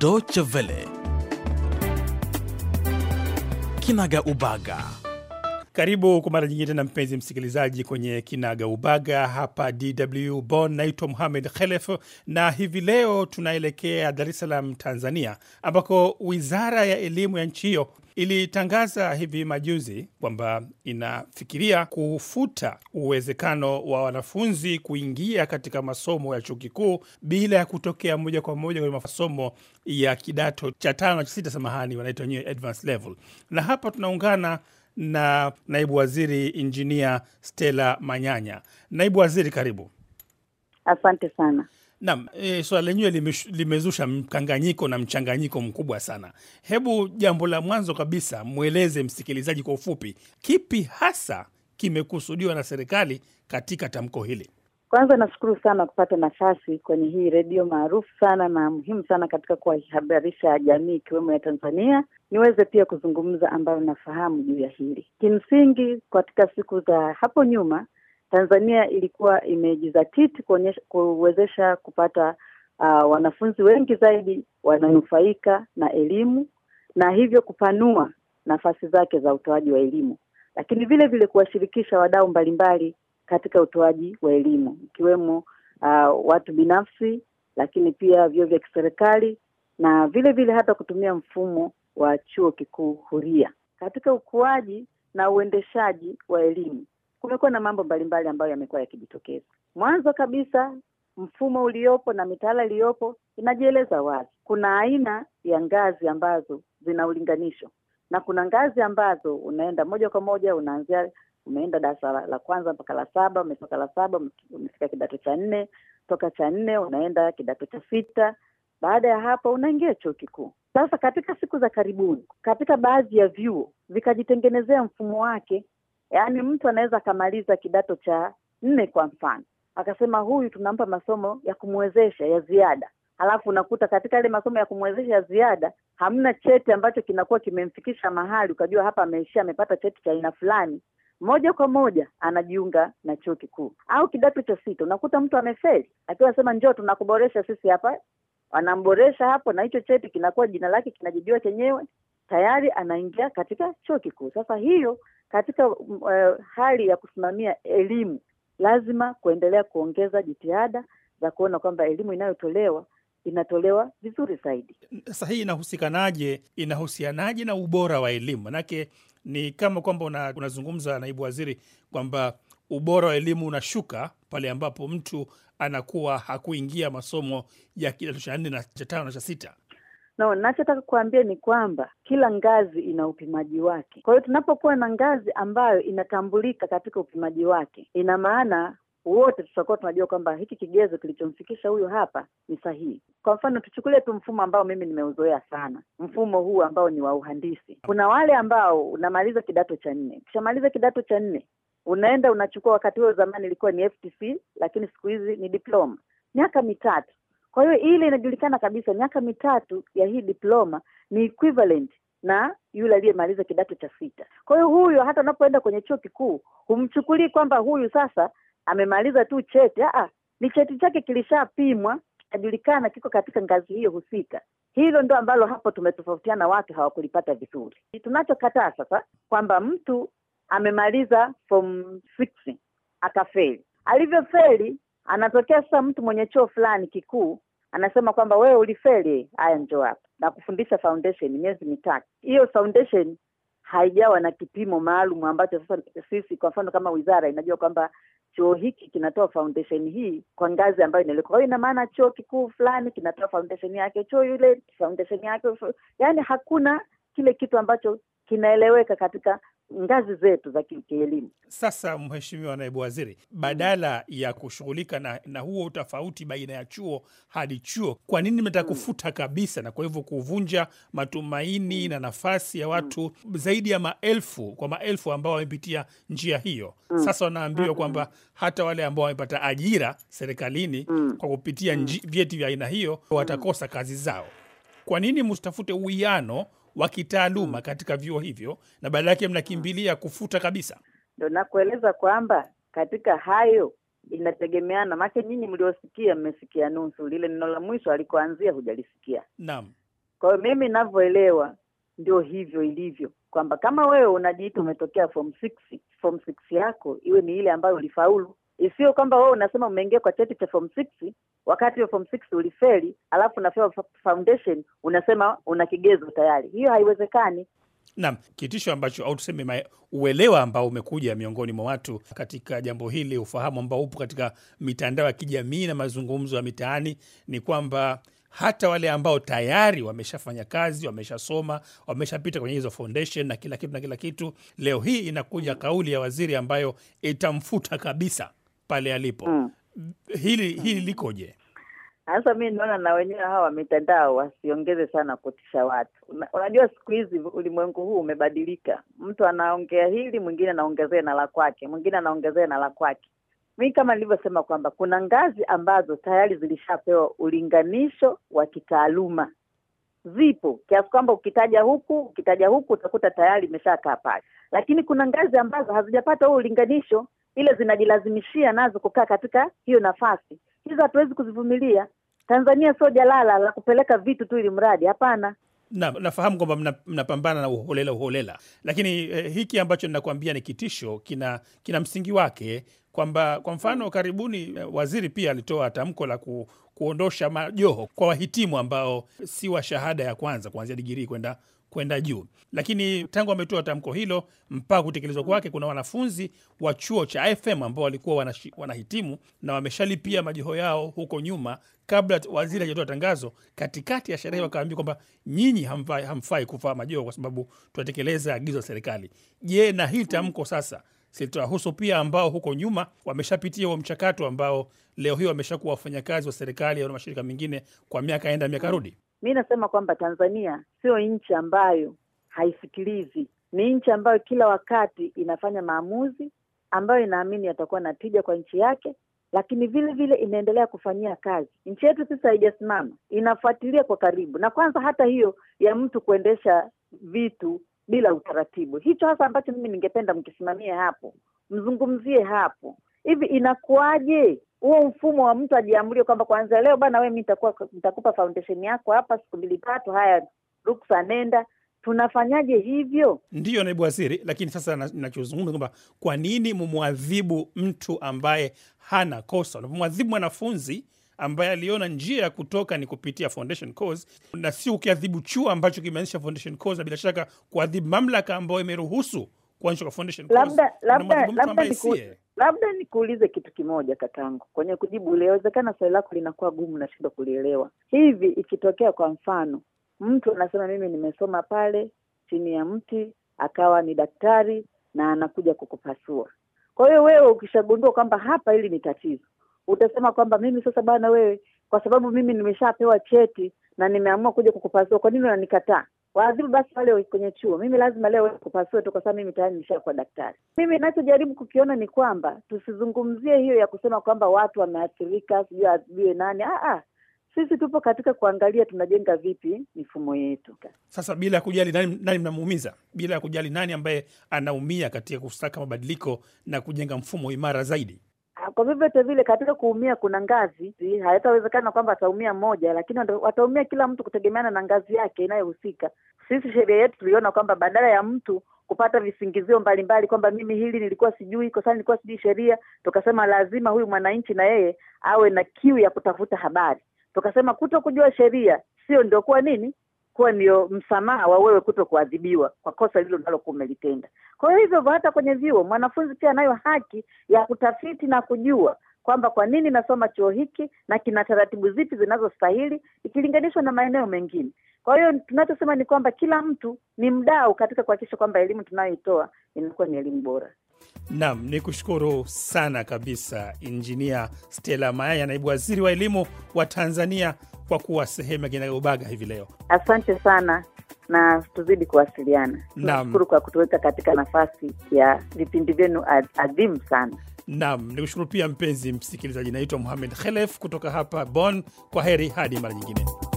Deutsche Welle. kinaga ubaga. Karibu kwa mara nyingine tena, mpenzi msikilizaji, kwenye Kinaga Ubaga hapa DW bon Naitwa muhamed Khelef na hivi leo tunaelekea Dar es Salaam, Tanzania, ambako wizara ya elimu ya nchi hiyo ilitangaza hivi majuzi kwamba inafikiria kufuta uwezekano wa wanafunzi kuingia katika masomo ya chuo kikuu bila ya kutokea moja kwa moja kwenye masomo ya kidato cha tano cha sita, samahani, wanaitwa wenyewe advanced level, na hapa tunaungana na naibu waziri injinia stela Manyanya. Naibu waziri, karibu. Asante sana. nam e, swala lenyewe lime, limezusha mkanganyiko na mchanganyiko mkubwa sana. Hebu jambo la mwanzo kabisa, mweleze msikilizaji kwa ufupi, kipi hasa kimekusudiwa na serikali katika tamko hili? Kwanza nashukuru sana kupata nafasi kwenye hii redio maarufu sana na muhimu sana katika kuwahabarisha jamii ikiwemo ya Tanzania, niweze pia kuzungumza ambayo nafahamu juu ya hili. Kimsingi, katika siku za hapo nyuma, Tanzania ilikuwa imejizatiti kuwezesha kupata uh, wanafunzi wengi zaidi wananufaika na elimu na hivyo kupanua nafasi zake za utoaji wa elimu, lakini vile vile kuwashirikisha wadau mbalimbali katika utoaji wa elimu ikiwemo uh, watu binafsi, lakini pia vyuo vya kiserikali na vile vile hata kutumia mfumo wa chuo kikuu huria katika ukuaji na uendeshaji wa elimu. Kumekuwa na mambo mbalimbali ambayo yamekuwa yakijitokeza. Mwanzo kabisa, mfumo uliopo na mitaala iliyopo inajieleza wazi. Kuna aina ya ngazi ambazo zina ulinganisho na kuna ngazi ambazo unaenda moja kwa moja, unaanzia umeenda darasa la, la kwanza mpaka la saba, umetoka la saba umefika kidato cha nne, toka cha nne unaenda kidato cha sita. Baada ya hapo unaingia chuo kikuu. Sasa katika siku za karibuni, katika baadhi ya vyuo vikajitengenezea mfumo wake, yaani mtu anaweza akamaliza kidato cha nne kwa mfano, akasema huyu tunampa masomo ya kumwezesha ya ziada Halafu unakuta katika yale masomo ya kumwezesha ya ziada hamna cheti ambacho kinakuwa kimemfikisha mahali ukajua hapa ameishia, amepata cheti cha aina fulani, moja kwa moja anajiunga na chuo kikuu au kidato cha sita. Unakuta mtu amefeli, akiwa anasema njoo tunakuboresha sisi hapa, anamboresha hapo, na hicho cheti kinakuwa jina lake kinajijua chenyewe, tayari anaingia katika chuo kikuu. Sasa hiyo katika uh, hali ya kusimamia elimu lazima kuendelea kuongeza jitihada za kuona kwamba elimu inayotolewa inatolewa vizuri zaidi. Sasa hii inahusikanaje, inahusianaje na ubora wa elimu? Manake ni kama kwamba una, unazungumza naibu waziri kwamba ubora wa elimu unashuka pale ambapo mtu anakuwa hakuingia masomo ya kidato cha nne na cha tano na cha sita no nachotaka kuambia ni kwamba kila ngazi ina upimaji wake kwa hiyo tunapokuwa na ngazi ambayo inatambulika katika upimaji wake ina maana wote tutakuwa tunajua kwamba hiki kigezo kilichomfikisha huyu hapa ni sahihi. Kwa mfano, tuchukulie tu mfumo ambao mimi nimeuzoea sana, mfumo huu ambao ni wa uhandisi. Kuna wale ambao unamaliza kidato cha nne, ukishamaliza kidato cha nne unaenda unachukua, wakati huo zamani ilikuwa ni FTC, lakini siku hizi ni diploma, miaka mitatu. Kwa hiyo ile inajulikana kabisa, miaka mitatu ya hii diploma ni equivalent na yule aliyemaliza kidato cha sita. Kwa hiyo huyo hata unapoenda kwenye chuo kikuu humchukulii kwamba huyu sasa amemaliza tu cheti. Ah, ah, ni cheti chake kilishapimwa, kikajulikana kiko katika ngazi hiyo husika. Hilo ndo ambalo hapo tumetofautiana, watu hawakulipata vizuri. Tunachokataa sasa kwamba mtu amemaliza form six akafeli, alivyofeli anatokea sasa mtu mwenye chuo fulani kikuu anasema kwamba wewe ulifeli, haya njo hapa na kufundisha foundation miezi mitatu. Hiyo foundation haijawa na kipimo maalum ambacho sasa sisi kwa mfano kama wizara inajua kwamba chuo hiki kinatoa foundation hii kwa ngazi ambayo inaelea. Kwa hiyo ina maana chuo kikuu fulani kinatoa foundation yake, chuo yule foundation yake, yani hakuna kile kitu ambacho kinaeleweka katika ngazi zetu za kielimu. Sasa Mheshimiwa Naibu Waziri, badala ya kushughulika na, na huo utofauti baina ya chuo hadi chuo, kwa nini mnataka kufuta kabisa na kwa hivyo kuvunja matumaini na nafasi ya watu zaidi ya maelfu kwa maelfu ambao wamepitia njia hiyo? Sasa wanaambiwa kwamba hata wale ambao wamepata ajira serikalini kwa kupitia vyeti vya aina hiyo watakosa kazi zao. Kwa nini msitafute uwiano wa kitaaluma mm. katika vyuo hivyo, na badala yake mnakimbilia mm. kufuta kabisa? Ndo nakueleza kwamba katika hayo inategemeana, make nyinyi mliosikia mmesikia nusu, lile neno la mwisho alikoanzia hujalisikia. Naam. Kwa hiyo mimi navyoelewa ndio hivyo ilivyo, kwamba kama wewe unajiita umetokea form six, form six yako iwe ni ile ambayo ulifaulu, isio kwamba wewe unasema umeingia kwa cheti cha form six wakati form 6 ulifeli, alafu unapewa foundation unasema una kigezo tayari. Hiyo haiwezekani. nam kitisho ambacho au tuseme uelewa ambao umekuja miongoni mwa watu katika jambo hili, ufahamu ambao upo katika mitandao ya kijamii na mazungumzo ya mitaani ni kwamba hata wale ambao tayari wameshafanya kazi, wameshasoma, wameshapita kwenye hizo foundation na kila kitu na kila kitu, leo hii inakuja kauli ya waziri ambayo itamfuta kabisa pale alipo. Mm hili hili likoje? Sasa mi naona na wenyewe hawa wa mitandao wasiongeze sana kutisha watu. Unajua siku hizi ulimwengu huu umebadilika, mtu anaongea hili, mwingine anaongezea na la kwake, mwingine anaongezea na la kwake. Mi kama nilivyosema kwamba kuna ngazi ambazo tayari zilishapewa ulinganisho wa kitaaluma, zipo kiasi kwamba ukitaja huku ukitaja huku utakuta tayari imeshakaa pale, lakini kuna ngazi ambazo hazijapata huo ulinganisho ile zinajilazimishia nazo kukaa katika hiyo nafasi. Hizo hatuwezi kuzivumilia. Tanzania sio jalala la kupeleka vitu tu ili mradi, hapana. Na, nafahamu kwamba mna, mnapambana na uholela uholela, lakini eh, hiki ambacho ninakuambia ni kitisho, kina kina msingi wake kwamba kwa mfano karibuni eh, waziri pia alitoa tamko la ku, kuondosha majoho kwa wahitimu ambao si wa shahada ya kwanza kuanzia digirii kwenda kwenda juu. Lakini tangu ametoa tamko hilo mpaka kutekelezwa kwake, kuna wanafunzi wa chuo cha FM ambao walikuwa wanahitimu na wameshalipia majoho yao huko nyuma, kabla waziri hajatoa tangazo. Katikati ya sherehe wakaambia kwamba nyinyi hamfai, hamfai kuvaa majoho kwa sababu tunatekeleza agizo la serikali. Je, na hili tamko sasa sitahusu pia ambao huko nyuma wameshapitia huo mchakato ambao leo hii wameshakuwa wafanyakazi wa serikali au mashirika mengine kwa miaka enda miaka rudi? Mi nasema kwamba Tanzania sio nchi ambayo haisikilizi, ni nchi ambayo kila wakati inafanya maamuzi ambayo inaamini yatakuwa na tija kwa nchi yake, lakini vile vile inaendelea kufanyia kazi nchi yetu. sisi haijasimama, inafuatilia kwa karibu, na kwanza hata hiyo ya mtu kuendesha vitu bila utaratibu, hicho hasa ambacho mimi ningependa mkisimamie hapo, mzungumzie hapo. Hivi inakuwaje huo mfumo wa mtu ajiamulie kwamba kwanza leo bana, we mi nitakupa foundation yako hapa siku mbili tatu, haya ruksa, nenda Tunafanyaje hivyo? Ndiyo, naibu waziri. Lakini sasa nachozungumza kwamba kwa nini mumwadhibu mtu ambaye hana kosa? Unapomwadhibu mwanafunzi ambaye aliona njia ya kutoka ni kupitia foundation na si ukiadhibu chuo ambacho kimeanzisha foundation na bila shaka kuadhibu mamlaka ambayo imeruhusu kuanzishwa kwa foundation course. Labda labda labda Labda nikuulize kitu kimoja katangu, kwenye kujibu uliwezekana swali lako linakuwa gumu, nashindwa kulielewa. Hivi ikitokea kwa mfano mtu anasema mimi nimesoma pale chini ya mti, akawa ni daktari na anakuja kukupasua, kwa hiyo wewe ukishagundua kwamba hapa hili ni tatizo, utasema kwamba mimi sasa bana wewe kwa sababu mimi nimeshapewa cheti na nimeamua kuja kukupasua, kwa nini unanikataa? waadhibu basi wale kwenye chuo. Mimi lazima leo kupasua tu, kwa sababu mimi tayari nishakuwa daktari. Mimi ninachojaribu kukiona ni kwamba tusizungumzie hiyo ya kusema kwamba watu wameathirika, sijui aadhibiwe nani. Ah, ah. Sisi tupo katika kuangalia tunajenga vipi mifumo yetu, sasa bila ya kujali nani, nani mnamuumiza, bila ya kujali nani ambaye anaumia katika kustaka mabadiliko na kujenga mfumo imara zaidi kwa vyovyote vile katika kuumia kuna ngazi, haitawezekana kwamba ataumia moja lakini wataumia kila mtu kutegemeana na ngazi yake inayohusika. Sisi sheria yetu tuliona kwamba badala ya mtu kupata visingizio mbalimbali kwamba mimi hili nilikuwa sijui, kwa nilikuwa sijui sheria, tukasema lazima huyu mwananchi na yeye awe na kiu ya kutafuta habari. Tukasema kuto kujua sheria sio ndio kuwa nini kuwa ndio msamaha wa wewe kuto kuadhibiwa kwa kosa lilo nalokuwa umelitenda. Kwa hiyo hivyo hata kwenye vyuo mwanafunzi pia anayo haki ya kutafiti na kujua kwamba kwa nini nasoma chuo hiki na kina taratibu zipi zinazostahili ikilinganishwa na maeneo mengine. Kwa hiyo tunachosema ni kwamba kila mtu ni mdau katika kuhakikisha kwamba elimu tunayoitoa inakuwa ni elimu bora. Naam, ni kushukuru sana kabisa Injinia Stella Mayaya, naibu waziri wa elimu wa Tanzania kwa kuwa sehemu ya kinagaubaga hivi leo. Asante sana na tuzidi kuwasiliana. Nashukuru kwa kutuweka katika nafasi ya vipindi vyenu adhimu sana. Naam, ni kushukuru pia mpenzi msikilizaji. Naitwa Muhamed Khelef kutoka hapa bon Kwa heri hadi mara nyingine.